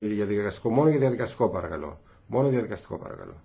Ε, για διαδικαστικό, μόνο για διαδικαστικό παρακαλώ. Μόνο διαδικαστικό παρακαλώ.